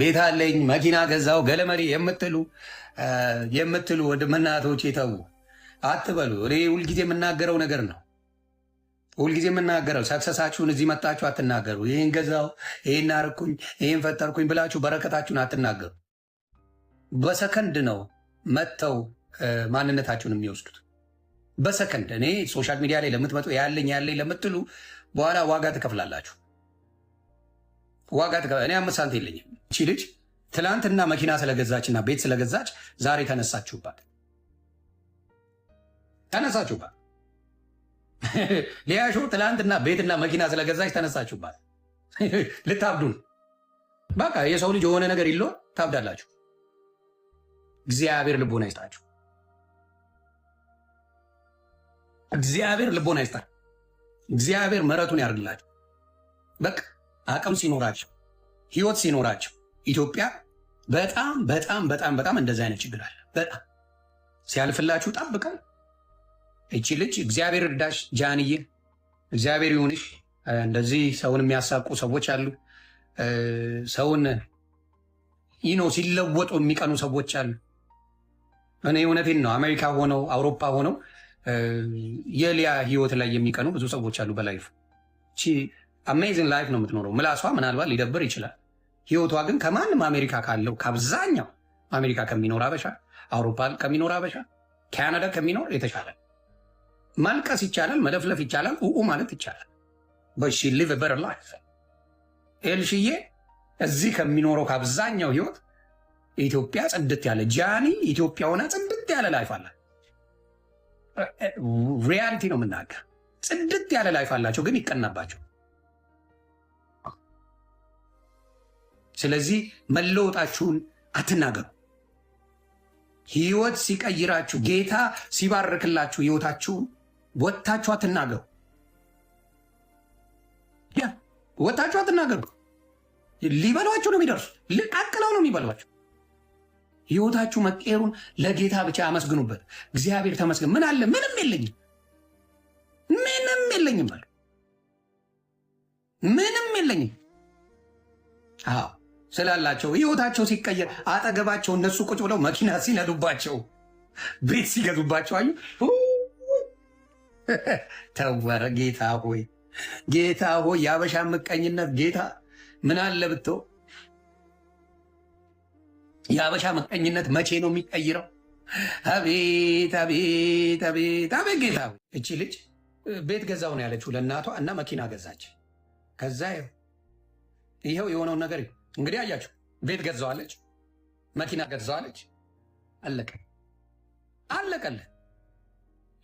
ቤት አለኝ መኪና ገዛው ገለመሪ የምትሉ የምትሉ ወንድምና ተዉ፣ አትበሉ። እኔ ሁልጊዜ የምናገረው ነገር ነው። ሁልጊዜ የምናገረው ሰክሰሳችሁን እዚህ መጣችሁ አትናገሩ። ይህን ገዛው፣ ይህን አርኩኝ፣ ይህን ፈጠርኩኝ ብላችሁ በረከታችሁን አትናገሩ። በሰከንድ ነው መጥተው ማንነታችሁን የሚወስዱት በሰከንድ። እኔ ሶሻል ሚዲያ ላይ ለምትመጡ ያለኝ ያለኝ ለምትሉ በኋላ ዋጋ ትከፍላላችሁ። ዋጋ እኔ አምስት ሳንቲም የለኝም እቺ ልጅ ትላንትና መኪና ስለገዛችና ቤት ስለገዛች ዛሬ ተነሳችሁባት ተነሳችሁባት። ሊያሾ ትላንትና ቤትና መኪና ስለገዛች ተነሳችሁባት። ልታብዱን በቃ የሰው ልጅ የሆነ ነገር ይለ ታብዳላችሁ። እግዚአብሔር ልቦና ይስጣችሁ። እግዚአብሔር ልቦና ይስጣችሁ። እግዚአብሔር ምሕረቱን ያርግላችሁ። በቃ አቅም ሲኖራቸው ህይወት ሲኖራቸው ኢትዮጵያ በጣም በጣም በጣም በጣም እንደዚህ አይነት ችግር አለ። በጣም ሲያልፍላችሁ ጠብቀን እቺ ልጅ እግዚአብሔር እርዳሽ፣ ጃንዬ እግዚአብሔር ይሁንሽ። እንደዚህ ሰውን የሚያሳቁ ሰዎች አሉ። ሰውን ይኖ ሲለወጡ የሚቀኑ ሰዎች አሉ። እኔ እውነቴን ነው። አሜሪካ ሆነው አውሮፓ ሆነው የሊያ ህይወት ላይ የሚቀኑ ብዙ ሰዎች አሉ። በላይፍ አሜዚንግ ላይፍ ነው የምትኖረው። ምላሷ ምናልባት ሊደብር ይችላል ህይወቷ ግን ከማንም አሜሪካ ካለው ከአብዛኛው አሜሪካ ከሚኖር አበሻ፣ አውሮፓ ከሚኖር አበሻ፣ ካናዳ ከሚኖር የተሻለ ማልቀስ ይቻላል፣ መለፍለፍ ይቻላል፣ ኡኡ ማለት ይቻላል። በሺ ሊቭ በር ላይፍ ኤልሽዬ እዚህ ከሚኖረው ከአብዛኛው ህይወት ኢትዮጵያ ጽድት ያለ ጃኒ ኢትዮጵያ ሆና ጽድት ያለ ላይፍ አላት። ሪያሊቲ ነው የምናገር። ጽድት ያለ ላይፍ አላቸው፣ ግን ይቀናባቸው ስለዚህ መለወጣችሁን አትናገሩ። ህይወት ሲቀይራችሁ፣ ጌታ ሲባርክላችሁ ህይወታችሁን ወጥታችሁ አትናገሩ። ወጥታችሁ አትናገሩ። ሊበሏችሁ ነው የሚደርሱት። ልቃቅለው ነው የሚበሏችሁ። ህይወታችሁ መቀየሩን ለጌታ ብቻ አመስግኑበት። እግዚአብሔር ተመስገን። ምን አለ? ምንም የለኝም፣ ምንም የለኝም ምንም የለኝም። አዎ ስላላቸው ህይወታቸው ሲቀየር አጠገባቸው እነሱ ቁጭ ብለው መኪና ሲነዱባቸው ቤት ሲገዙባቸው አዩ። ተወረ ጌታ ሆይ ጌታ ሆይ የአበሻ ምቀኝነት ጌታ ምን አለ ብቶ የአበሻ ምቀኝነት መቼ ነው የሚቀይረው? አቤት አቤት አቤት አቤት ጌታ ሆይ እቺ ልጅ ቤት ገዛው ነው ያለችው ለእናቷ እና መኪና ገዛች። ከዛ ይኸው የሆነውን ነገር እንግዲህ አያችሁ፣ ቤት ገዛዋለች፣ መኪና ገዛዋለች። አለቀ አለቀለ።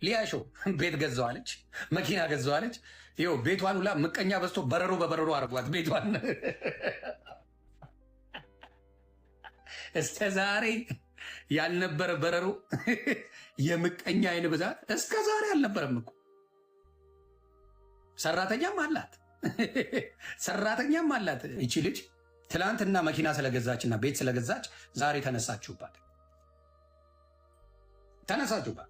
ሊያሾ ቤት ገዛዋለች፣ መኪና ገዛዋለች። ይኸው ቤቷን ሁላ ምቀኛ በዝቶ በረሮ በበረሮ አድርጓት ቤቷን እስከ ዛሬ ያልነበረ በረሮ የምቀኛ አይን ብዛት እስከ ዛሬ አልነበረም እኮ። ሰራተኛም አላት ሰራተኛም አላት ይቺ ልጅ ትላንትና መኪና ስለገዛችና ቤት ስለገዛች ዛሬ ተነሳችሁባት ተነሳችሁባት።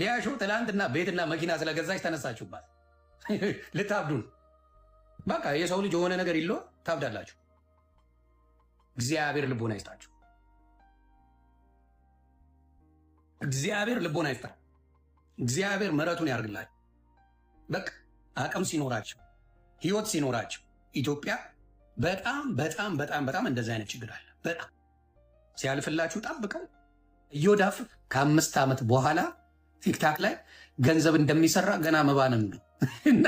ሊያሾ ትላንትና ቤትና መኪና ስለገዛች ተነሳችሁባት። ልታብዱን በቃ የሰው ልጅ የሆነ ነገር ይለ ታብዳላችሁ። እግዚአብሔር ልቦና ይስጣችሁ። እግዚአብሔር ልቦና ይስጣ። እግዚአብሔር ምሕረቱን ያርግላችሁ። በቃ አቅም ሲኖራቸው ህይወት ሲኖራቸው ኢትዮጵያ በጣም በጣም በጣም በጣም እንደዚህ አይነት ችግር አለ። በጣም ሲያልፍላችሁ ጠብቀን እዮዳፍ ከአምስት ዓመት በኋላ ቲክታክ ላይ ገንዘብ እንደሚሰራ ገና መባንም ነው እና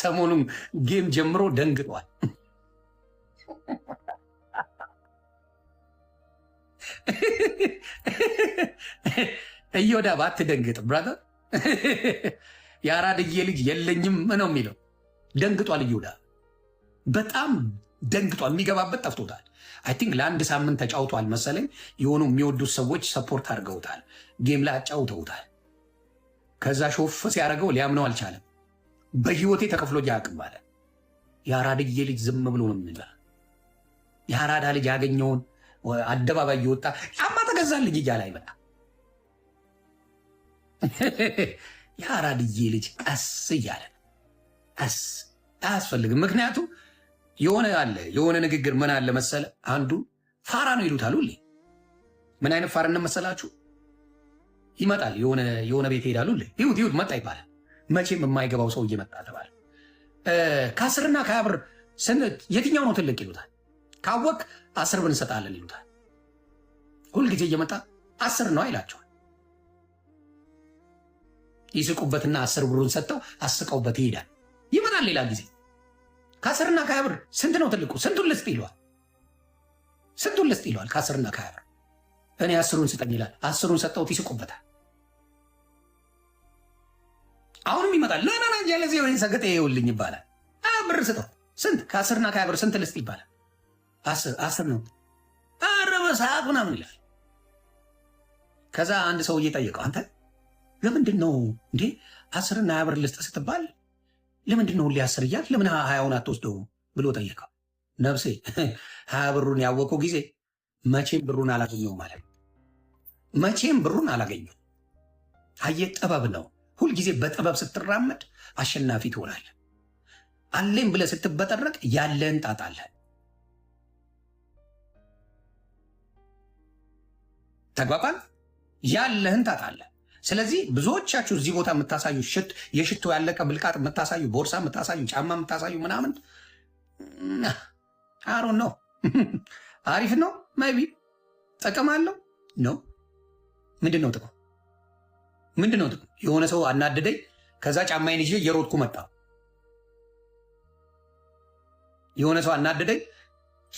ሰሞኑም ጌም ጀምሮ ደንግጧል። እዮዳፍ ባትደንግጥ ብራዘር፣ የአራድዬ ልጅ የለኝም ነው የሚለው። ደንግጧል እዮዳፍ በጣም ደንግጧል። የሚገባበት ጠፍቶታል። አይ ቲንክ ለአንድ ሳምንት ተጫውቷል መሰለኝ። የሆኑ የሚወዱት ሰዎች ሰፖርት አድርገውታል፣ ጌም ላይ አጫውተውታል። ከዛ ሾፍ ሲያደርገው ሊያምነው አልቻለም። በህይወቴ ተከፍሎ አያውቅም አለ። የአራድዬ ልጅ ዝም ብሎ ነው የሚበላ። የአራዳ ልጅ ያገኘውን አደባባይ እየወጣ ጫማ ተገዛልኝ እያለ አይበላ። የአራድዬ ልጅ ቀስ እያለ ቀስ አያስፈልግም ምክንያቱም የሆነ አለ የሆነ ንግግር ምን አለ መሰለ፣ አንዱ ፋራ ነው ይሉታል። ሁሌ ምን አይነት ፋራ መሰላችሁ? ይመጣል የሆነ ቤት ሁሌ ይሁት ይሁት መጣ ይባላል። መቼም የማይገባው ሰው እየመጣ ተባለ። ከአስርና ከሀያ ብር የትኛው ነው ትልቅ ይሉታል። ካወቅ አስር ብር እንሰጣለን ይሉታል። ሁልጊዜ እየመጣ አስር ነው አይላቸው ይስቁበትና አስር ብሩን ሰጥተው አስቀውበት ይሄዳል። ይመጣል ሌላ ጊዜ ከአስርና ከሀያ ብር ስንት ነው ትልቁ? ስንቱን ልስጥ ይለዋል። ስንቱን ልስጥ ይለዋል። ከአስርና ከሀያ ብር እኔ አስሩን ስጠኝ ይላል። አስሩን ሰጠውት ይስቁበታል። አሁንም ይመጣል። ላናና ያለዚ ወይ ሰገጤ ይውልኝ ይባላል። ብር ስጠው ስንት ከአስርና ከሀያ ብር ስንት ልስጥ ይባላል። አስር ነው አረበ ሰዓት ምናምን ይላል። ከዛ አንድ ሰውዬ ጠየቀው፣ አንተ ለምንድን ነው እንዴ አስርና ሀያ ብር ልስጥ ስትባል ለምንድን ነው ሁሌ አስር እያልክ ለምን ሀያውን አትወስደው ብሎ ጠየቀው። ነፍሴ ሀያ ብሩን ያወቀው ጊዜ መቼም ብሩን አላገኘው ማለት መቼም ብሩን አላገኘው። አየ ጥበብ ነው። ሁልጊዜ በጥበብ ስትራመድ አሸናፊ ትሆናል አለኝ ብለ ስትበጠረቅ ያለን ጣጣለ ተግባባል ያለህን ታጣለህ። ስለዚህ ብዙዎቻችሁ እዚህ ቦታ የምታሳዩ ሽት የሽቶ ያለቀ ብልቃጥ የምታሳዩ ቦርሳ የምታሳዩ ጫማ የምታሳዩ ምናምን አሮ ነው አሪፍ ነው። ማይቢ ጥቅም አለው ነው። ምንድን ነው ጥቅም? ምንድን ነው ጥቅም? የሆነ ሰው አናደደኝ፣ ከዛ ጫማዬን ይዤ እየሮጥኩ መጣ። የሆነ ሰው አናደደኝ፣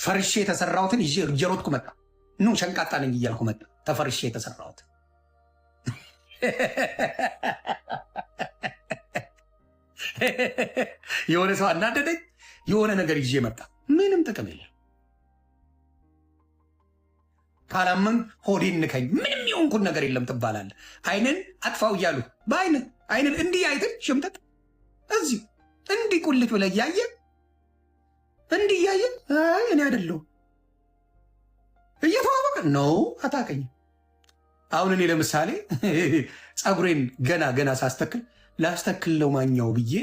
ፈርሼ የተሰራሁትን ይዤ እየሮጥኩ መጣ። ኑ ሸንቃጣ ነኝ እያልኩ መጣ። ተፈርሼ የተሰራሁትን የሆነ ሰው አናደደኝ፣ የሆነ ነገር ይዤ መጣ። ምንም ጥቅም የለም። ካላመን ሆዴን ንከኝ፣ ምንም የሆንኩን ነገር የለም ትባላለ አይንን አጥፋው እያሉ በአይን አይንን እንዲህ አይትን ሽምጠጥ እዚሁ እንዲህ ቁልጭ ብለ እያየ እንዲህ እያየ እኔ አይደለሁ እየተዋወቀ ነው አታውቅኝም አሁን እኔ ለምሳሌ ፀጉሬን ገና ገና ሳስተክል ነው ማኛው ብዬ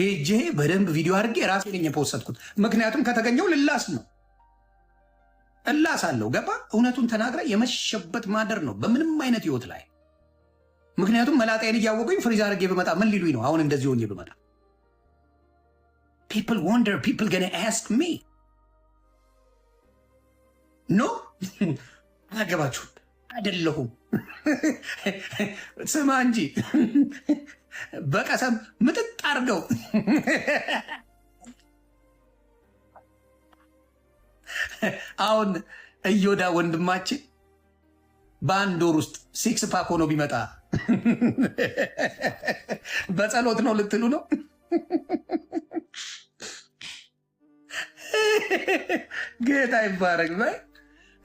ሄጄ በደንብ ቪዲዮ አድርጌ ራሴ ነኝ የፖሰትኩት። ምክንያቱም ከተገኘው ልላስ ነው እላስ አለው። ገባ እውነቱን ተናግራ የመሸበት ማደር ነው በምንም አይነት ህይወት ላይ ምክንያቱም መላጣዬን እያወቁኝ ፍሪዝ አድርጌ ብመጣ ምን ሊሉኝ ነው? አሁን እንደዚህ ሆኜ ብመጣ ፒፕል ወንደር ፒፕል ገና አስክ ሚ ኖ አያገባችሁም። አይደለሁም። ስማ እንጂ በቀሰም ምጥጥ አድርገው አሁን እዮዳ ወንድማችን በአንድ ወር ውስጥ ሲክስ ፓክ ሆኖ ቢመጣ በጸሎት ነው ልትሉ ነው? ጌታ ይባረክ።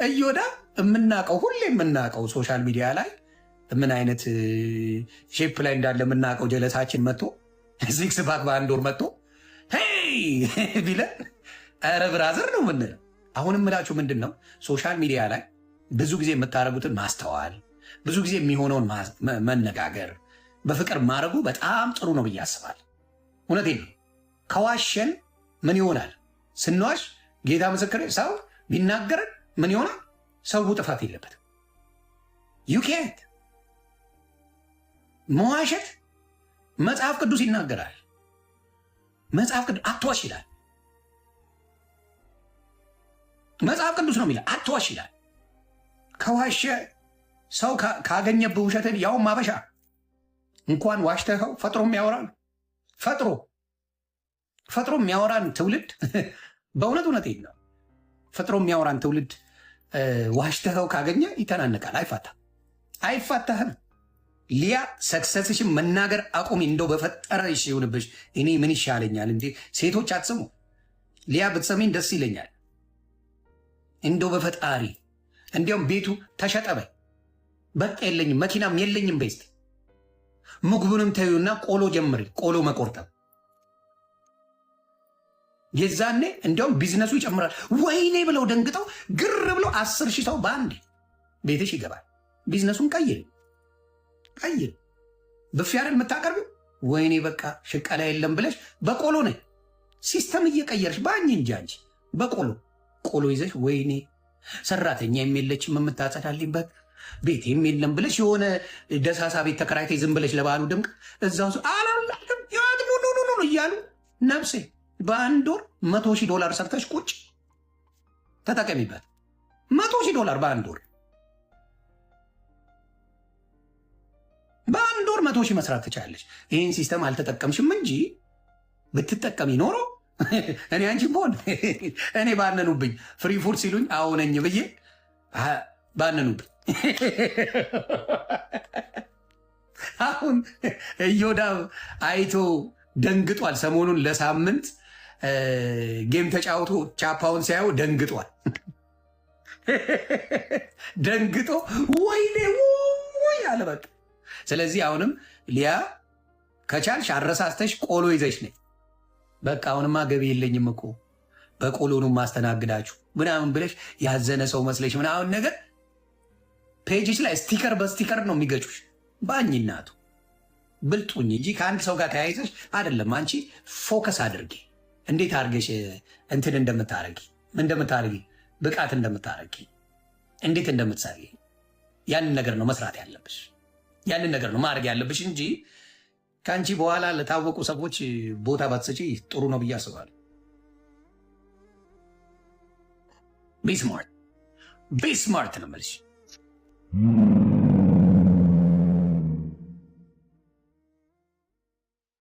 እዮዳ የምናውቀው ሁሌ የምናውቀው ሶሻል ሚዲያ ላይ ምን አይነት ሼፕ ላይ እንዳለ የምናውቀው ጀለሳችን መጥቶ ሲክስ ፓክ በአንድ ወር መጥቶ ቢለን ኧረ ብራዘር ነው ምንለው። አሁን የምላችሁ ምንድን ነው ሶሻል ሚዲያ ላይ ብዙ ጊዜ የምታደርጉትን ማስተዋል፣ ብዙ ጊዜ የሚሆነውን መነጋገር፣ በፍቅር ማድረጉ በጣም ጥሩ ነው ብዬ አስባለሁ። ነው። ከዋሸን ምን ይሆናል? ስንዋሽ ጌታ ምስክር ሰው ቢናገረን ምን ይሆናል? ሰው ጥፋት የለበትም። ዩኬት መዋሸት መጽሐፍ ቅዱስ ይናገራል። መጽሐፍ ቅዱስ አትዋሽ ይላል። መጽሐፍ ቅዱስ ነው የሚለው አትዋሽ ይላል። ከዋሸ ሰው ካገኘብህ ውሸትን ያው ማበሻ እንኳን ዋሽተኸው ፈጥሮ ያወራል። ፈጥሮ ፈጥሮ የሚያወራን ትውልድ በእውነት እውነት ነው። ፈጥሮ የሚያወራን ትውልድ ዋሽተኸው ካገኘ ይተናነቃል። አይፋታ አይፋታህም። ሊያ ሰክሰስሽን መናገር አቁሚ። እንደው በፈጠረ ይሽ ይሁንብሽ። እኔ ምን ይሻለኛል እንዴ? ሴቶች አትስሙ። ሊያ ብትሰሚን ደስ ይለኛል። እንደው በፈጣሪ እንዲያውም ቤቱ ተሸጠበይ በቃ የለኝም፣ መኪናም የለኝም። ቤስት ምግቡንም ተዩና ቆሎ ጀምሪ። ቆሎ መቆርጠብ የዛኔ እንዲያውም ቢዝነሱ ይጨምራል። ወይኔ ብለው ደንግጠው ግር ብለው አስር ሺህ ሰው በአንድ ቤትሽ ይገባል። ቢዝነሱን ቀይር ቀይር። ብፌ አይደል የምታቀርቢው? ወይኔ በቃ ሽቀላ የለም ብለሽ በቆሎ ነ ሲስተም እየቀየርሽ በአኝ እንጂ አንቺ በቆሎ ቆሎ ይዘሽ ወይኔ ሰራተኛ የለችም የምታጸዳልኝበት ቤት የሚለም ብለሽ የሆነ ደሳሳ ቤት ተከራይተሽ ዝም ብለሽ ለበዓሉ ድምቅ እዛው አላላትም ያት እያሉ ነብሴ በአንድ ወር መቶ ሺህ ዶላር ሰርተሽ ቁጭ ተጠቀሚበት። መቶ ሺህ ዶላር በአንድ ወር በአንድ ወር መቶ ሺህ መስራት ትችላለች። ይህን ሲስተም አልተጠቀምሽም እንጂ ብትጠቀሚ ኖሮ እኔ አንቺ በሆን እኔ ባነኑብኝ ፍሪ ፉድ ሲሉኝ አሁነኝ ብዬ ባነኑብኝ። አሁን እዮዳብ አይቶ ደንግጧል። ሰሞኑን ለሳምንት ጌም ተጫውቶ ቻፓውን ሲያየው ደንግጧል። ደንግጦ ወይኔ ወይ አለ በቃ። ስለዚህ አሁንም ሊያ ከቻልሽ አረሳስተሽ ቆሎ ይዘሽ ነኝ በቃ አሁንማ ገቢ የለኝም እኮ በቆሎኑ ማስተናግዳችሁ ምናምን ብለሽ ያዘነ ሰው መስለሽ ምናምን ነገር ፔጅች ላይ ስቲከር በስቲከር ነው የሚገጩሽ። ባኝናቱ ብልጡኝ እንጂ ከአንድ ሰው ጋር ተያይዘሽ አይደለም። አንቺ ፎከስ አድርጌ እንዴት አድርገሽ እንትን እንደምታረጊ እንደምታረጊ ብቃት እንደምታረጊ እንዴት እንደምትሰሪ ያንን ነገር ነው መስራት ያለብሽ፣ ያንን ነገር ነው ማድረግ ያለብሽ እንጂ ከአንቺ በኋላ ለታወቁ ሰዎች ቦታ ባትሰጪ ጥሩ ነው ብዬ አስባለሁ። ቢስማርት ቢስማርት ነው የምልሽ።